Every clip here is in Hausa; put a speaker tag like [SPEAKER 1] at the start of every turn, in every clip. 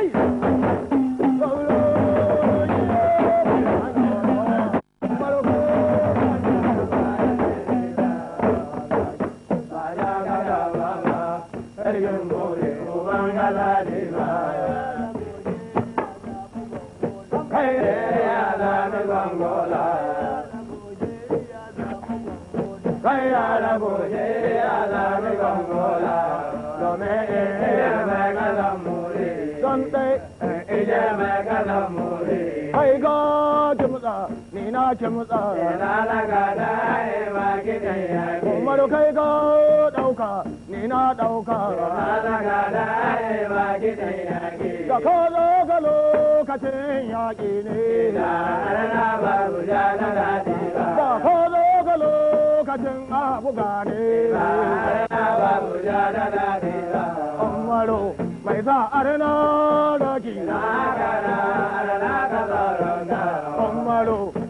[SPEAKER 1] Kaya
[SPEAKER 2] la boje ala mi gongola, lo me ake matsa. Ina na gada ya ba gida ya ke. kai ka ɗauka, ni na ɗauka. Ina na gada ya ba gida ya ke. Da ka zo ka ya yaƙi ne. Ina har na ba guda na gadi ba. Da ka zo ka lokacin abuga ne. Ina har na ba guda na gadi ba. Umaru
[SPEAKER 1] mai za a rana
[SPEAKER 2] raki. Ina gada a rana ka zaron da. Umaru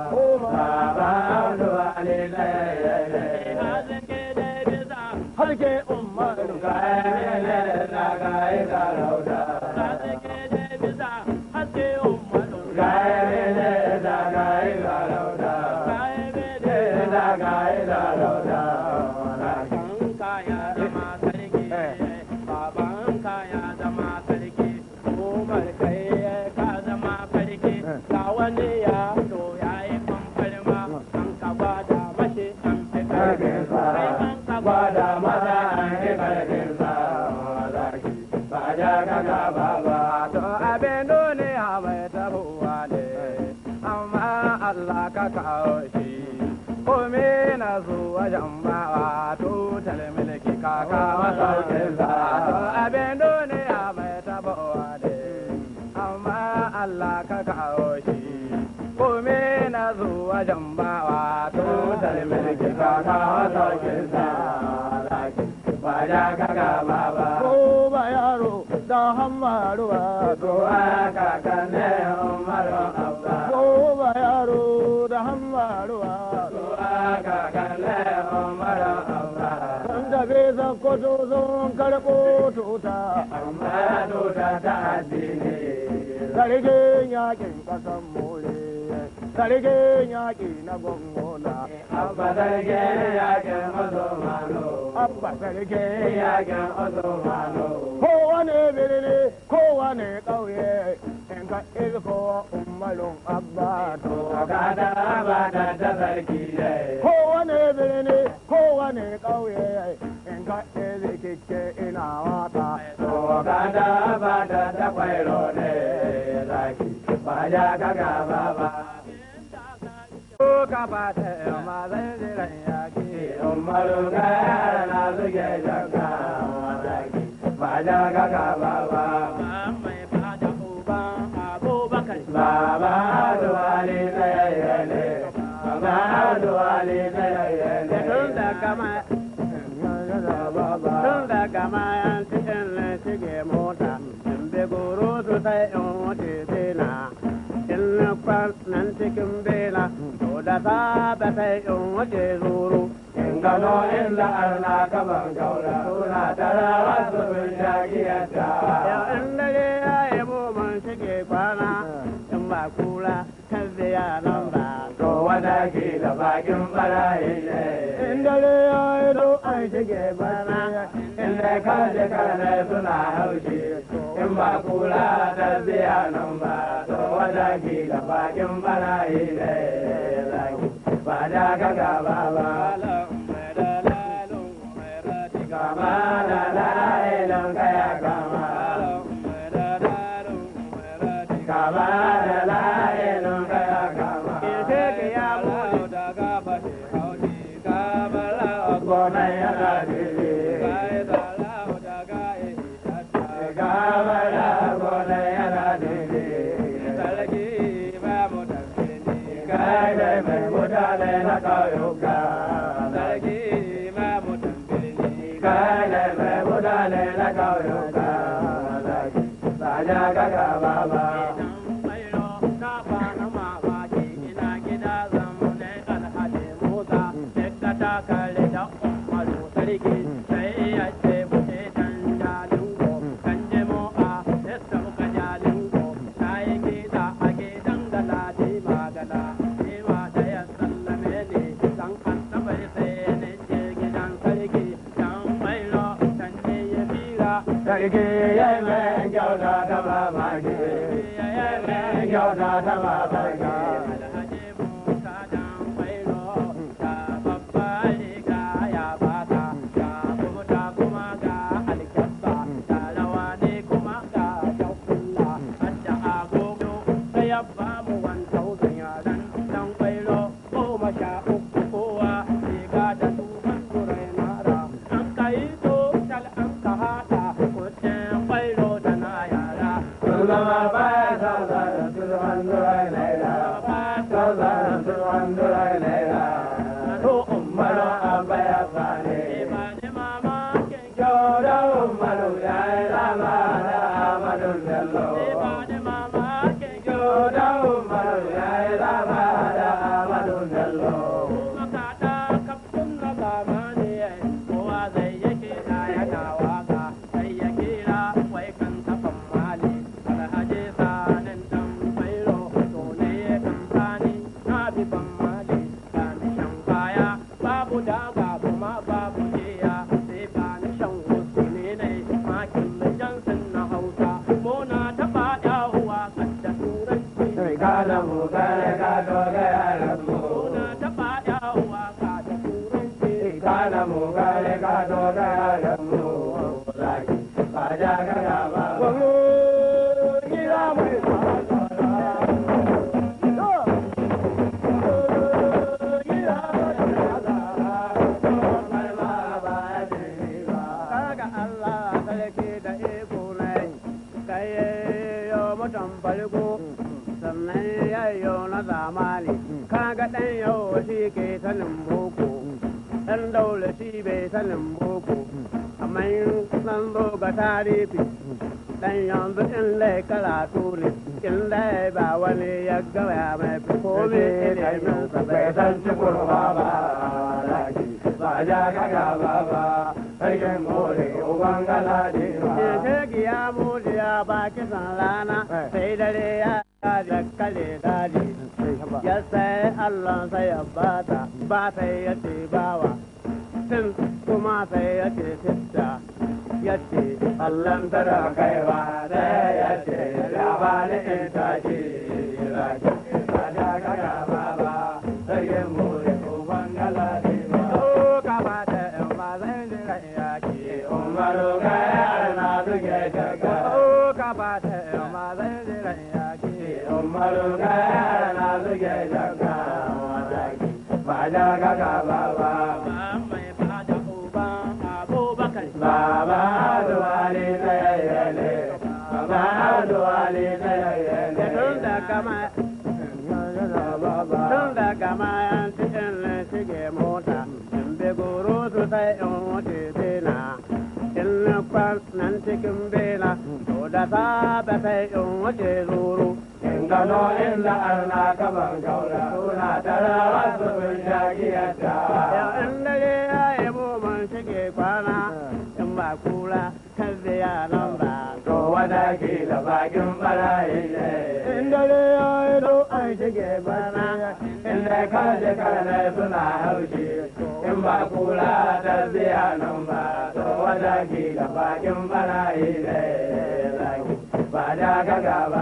[SPEAKER 2] faruwa kowa ne umaru abba kowa yaro da hammaruwa kowa kakanne umaru abba karɓo tuta amma tuta ta addini sarkin yakin kasan mole sarge yaƙi na gongola. Abba sarge yaƙin Osmano.
[SPEAKER 1] Abba sarge yaƙin Osmano. Kowane birni kowane ƙauye in ka ilko umarun abba
[SPEAKER 2] to. Kada ba da ta sarki ne.
[SPEAKER 1] Kowane birni kowane ƙauye in ka ilkikke ina waka. To kada ba da ta kwairo ne
[SPEAKER 2] zaki ba ya gaga ba ka ba ta ma zan jiran yaki umaru ga yara na zuge jaka mataki ba jaka ka ba
[SPEAKER 1] ba mai ba da uba abubakar baba alwali tsayayyale baba alwali tsayayyale tun da
[SPEAKER 2] kama tun da kama yan cikin shige mota in bi goro su sai in wuce zina in na kwan nan cikin bela to da za ba sai in wuce zuru in gano in la'ar na gaban gaura suna tara wasu bin ta, yau in dare ya yabo man shige kwana in ba kura kan ziyara ba to wada ke da bakin barayi ne in dare ya yi do an shige bana in da ka je kana suna haushi
[SPEAKER 1] in ba kula da ziya nan ba to wada ke da bakin barayi ne ba da ka gaba ba
[SPEAKER 2] ga yau ka zaki, ba. sarki ya yi mai kyauta a mamaki
[SPEAKER 1] ya yi mai kyauta ta mamaki
[SPEAKER 2] da da oh, kana mu kana ka ke sanin boko ɗan daula shi bai sanin boko amma yin nan zo ga tarihi ɗan yanzu in lai karatu ne in lai ba wani ya gaba mai fi kome ne sa bai san ci cikin ba ba ba ja ka gaba ba sarkin mole uban galadi ba. Ke ke giya mu da ba kisan lana eh. sai dare ya da kare dadi ya sai Allah sai ya bata ba sai ya ce bawa sin kuma sai ya ce sitta ya ce Allah tara kai ba sai ya ce labari in sai in wuce bela in na nan cikin bela to da safe sai in wuce zuru in gano in la'ar na kaban gaura suna tara wasu bin shagiyar ta in dare ya yi mun shige kwana in ba kura kan biya nan ba to wada ke da bakin barayi ne in dare ya yi do an shige bana in da kaje suna haushi in ba kula ta ziya nan ba to wada ke da bakin barayi ne ba da gaga ba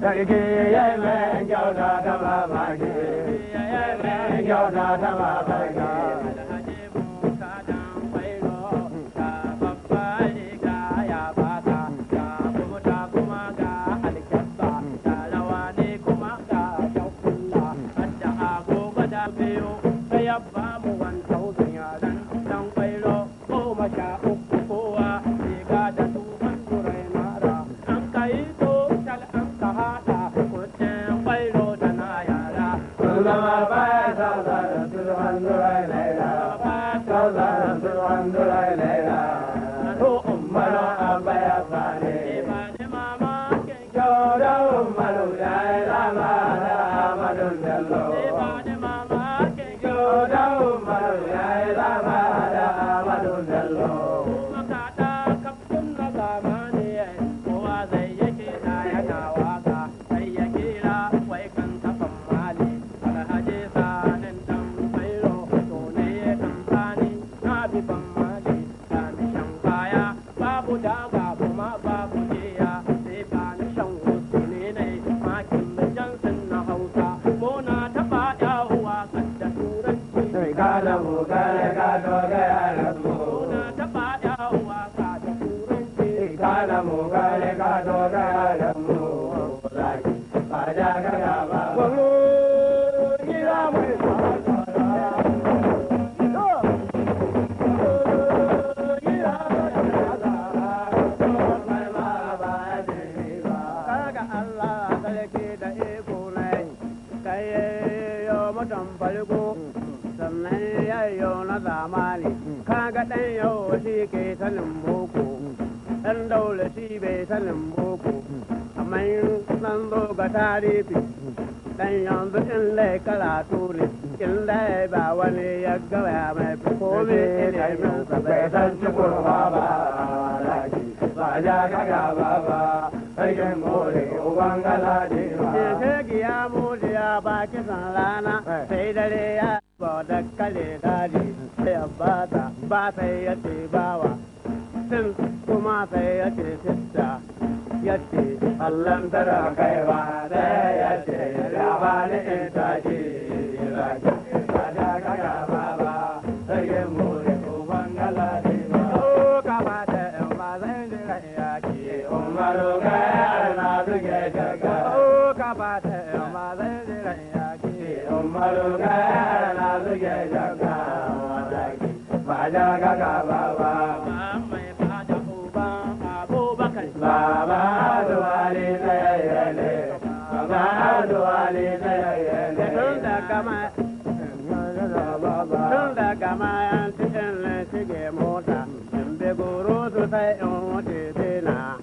[SPEAKER 2] sarki ya yi mai kyauta ta babaki ya yi mai kyauta ta babaki kai ka da mu kare ka to sanin boko ɗan daula shi bai sanin boko amma nan zo ga tarihi. dan yanzu in lai karatu ne in lai ba wani ya gaba mai fi kome ne. sa bai san ci kurma ba laki ba ja ka gaba ba sarkin more uban galadi ba shege ya mode ya ba kisan rana eh. sai dare ya ba da kare daji sai ya ta ba sai ya ce bawa mutum kuma sai ya ce sista ya ce allon tara kai ba sai ya ce in tashi sai in wuce bela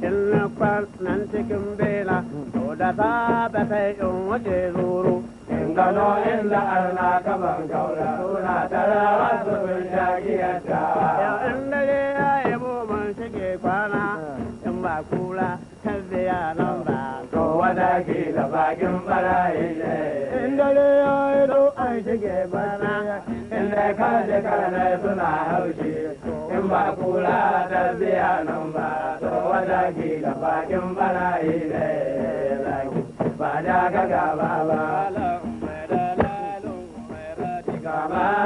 [SPEAKER 2] in na nan cikin bela to da safe sai in wuce zuru
[SPEAKER 1] in gano in la'ar na kaban gaura suna tara wasu bin shagiyar ta in dare ya yi
[SPEAKER 2] mun shige kwana in ba kula canza yaran ba. Kowa da ke da bakin barayi ne. In dare ya yi do an shige bana, in da kaje kanai suna haushi. In ba kula da biya nan ba, kowa da ke da bakin barayi ne. Ba da gaba ba.
[SPEAKER 1] Gaba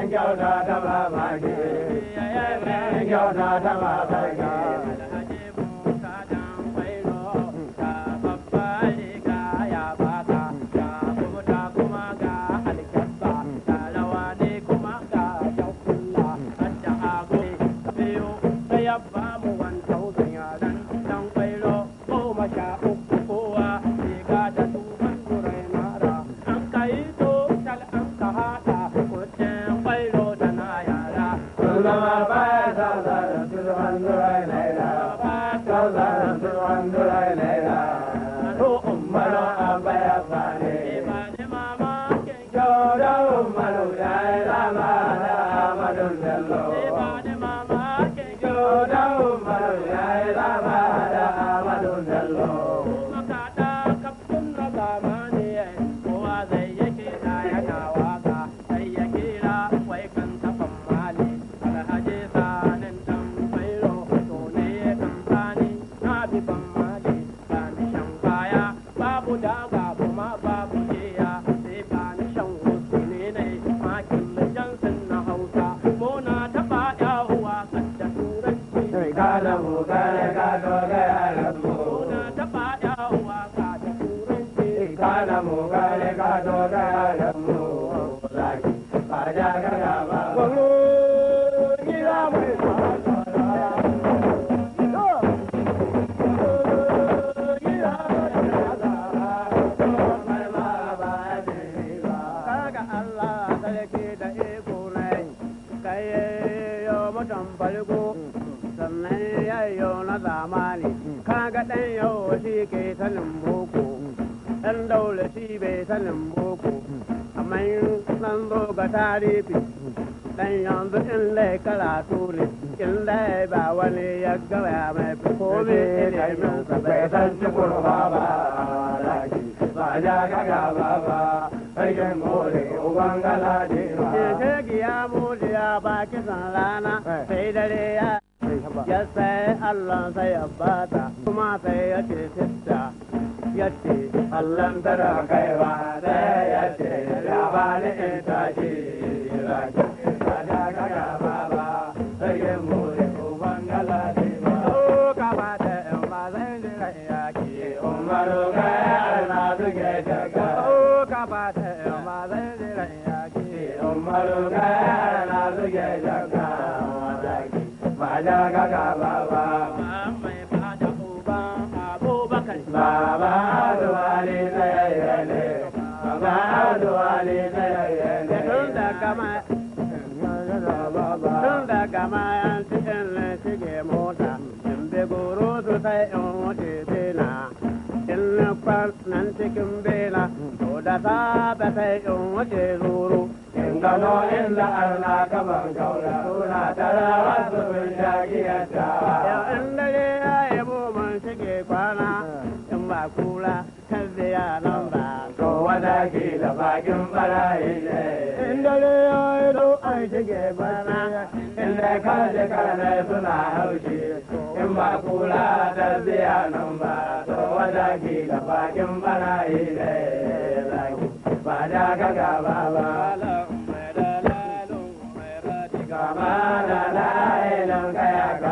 [SPEAKER 1] na dafa ba
[SPEAKER 2] malogrado. Kaleka sanin boko amma san zo ga tarihi dan yanzu in lai karatu ne in lai ba wani ya gaba mai fi komi ilimin sa bai san ci kurba ba laki ba ja ka gaba ba sarkin mole uban gala ne ba. Ke ke giya mole ya ba kisan lana eh. sai dare ya ba ya sai Allah sai ya bata kuma sai ya ce sitta ya ce Allah tara kai ba da ya ce ya ba ni in tashi ya ce ba da ka ba ba sai mu na to da ba sai in wuce zuru in gano in la'arna gaban gaura suna tara wasu bin shagiyar ta in dare ya yabo man shige kwana in ba kula kan ziyara wada ke da bakin barayi ne. In dare ya yi do an shige bana, in da kaji karnai suna haushi, in ba kula da ziyanan ba, to wada ke da bakin barayi ne. Ba da ka gaba ba.
[SPEAKER 1] Gaba da la'ilan kaya